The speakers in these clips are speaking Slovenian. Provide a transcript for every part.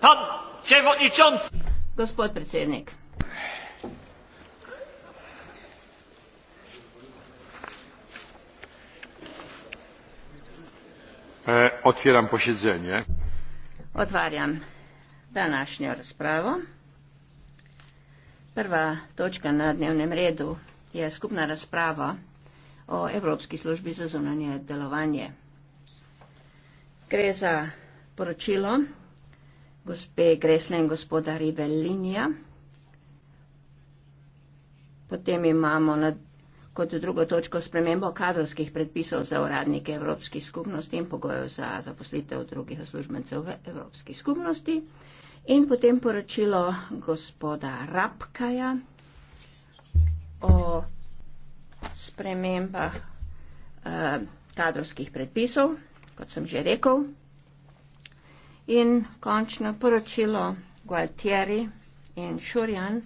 Pan przewodniczący! Gospod predsednik. E, otvieram posiedzenie. Otwieram današnjo razpravo. Prva točka na dnevnem redu je skupna razprava o Evropski službi za zunanje delovanje. Gre za poročilo gospe Gresle in gospoda Rivellinija. Potem imamo na, kot drugo točko spremembo kadrovskih predpisov za uradnike Evropskih skupnosti in pogojev za zaposlitev drugih službencev v Evropski skupnosti. In potem poročilo gospoda Rapkaja o spremembah eh, kadrovskih predpisov, kot sem že rekel. In končno poročilo Gualtieri in Šurjan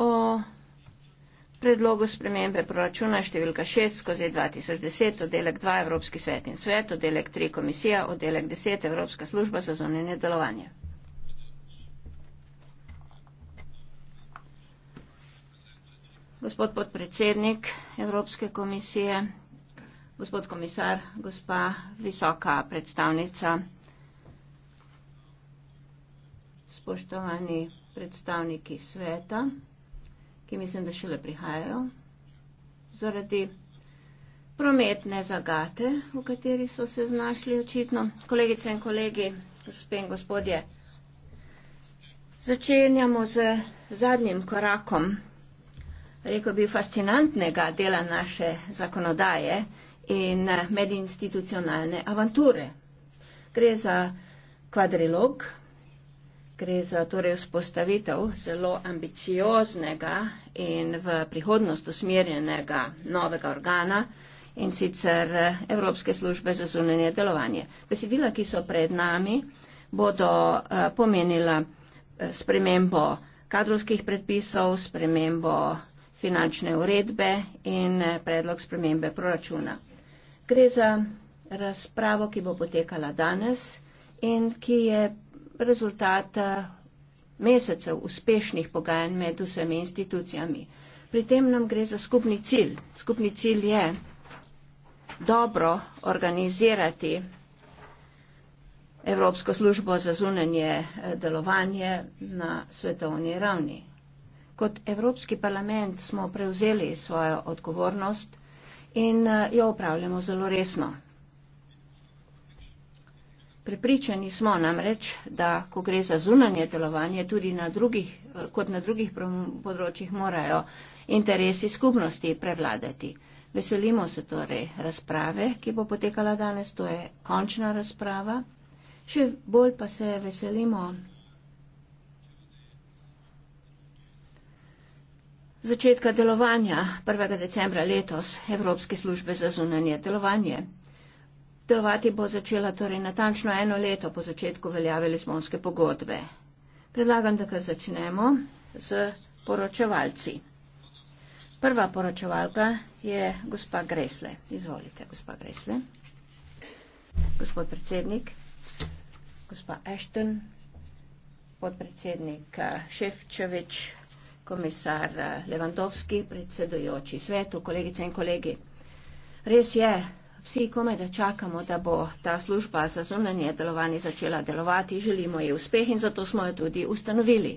o predlogu spremembe proračuna številka 6 skozi 2010, oddelek 2 Evropski svet in svet, oddelek 3 komisija, oddelek 10 Evropska služba za zunanje delovanje. Gospod podpredsednik Evropske komisije, Gospod komisar, gospa visoka predstavnica, spoštovani predstavniki sveta, ki mislim, da šele prihajajo zaradi prometne zagate, v kateri so se znašli očitno. Kolegice in kolegi, gospe in gospodje, začenjamo z zadnjim korakom, rekel bi, fascinantnega dela naše zakonodaje, in eh, medinstitucionalne avanture. Gre za kvadrilog, gre za torej vzpostavitev zelo ambicioznega in v prihodnost usmerjenega novega organa in sicer eh, Evropske službe za zunanje delovanje. Besedila, ki so pred nami, bodo eh, pomenila spremembo kadrovskih predpisov, spremembo finančne uredbe in predlog spremembe proračuna. Gre za razpravo, ki bo potekala danes in ki je rezultat eh, mesecev uspešnih pogajanj med vsemi institucijami. Pri tem nam gre za skupni cilj. Skupni cilj je dobro organizirati Evropsko službo za zunanje eh, delovanje na svetovni ravni. Kot Evropski parlament smo prevzeli svojo odgovornost in eh, jo upravljamo zelo resno. Pripričani smo namreč, da ko gre za zunanje delovanje, tudi na drugih, eh, kot na drugih področjih morajo interesi skupnosti prevladati. Veselimo se torej razprave, ki bo potekala danes, to je končna razprava. Še bolj pa se veselimo začetka delovanja 1. decembra letos Evropske službe za zunanje delovanje. Delovati bo začela torej natančno eno leto po začetku veljave Lizbonske pogodbe. Predlagam, da kar začnemo z poročevalci. Prva poročevalka je gospa Gresle. Izvolite, gospa Gresle. Gospod predsednik, gospa Ashton, podpredsednik eh, Ševčevič, komisar eh, Levandovski, predsedujoči svetu, kolegice in kolegi. Res je, vsi komaj da čakamo, da bo ta služba za zunanje delovanje začela delovati, želimo ji uspeh in zato smo jo tudi ustanovili.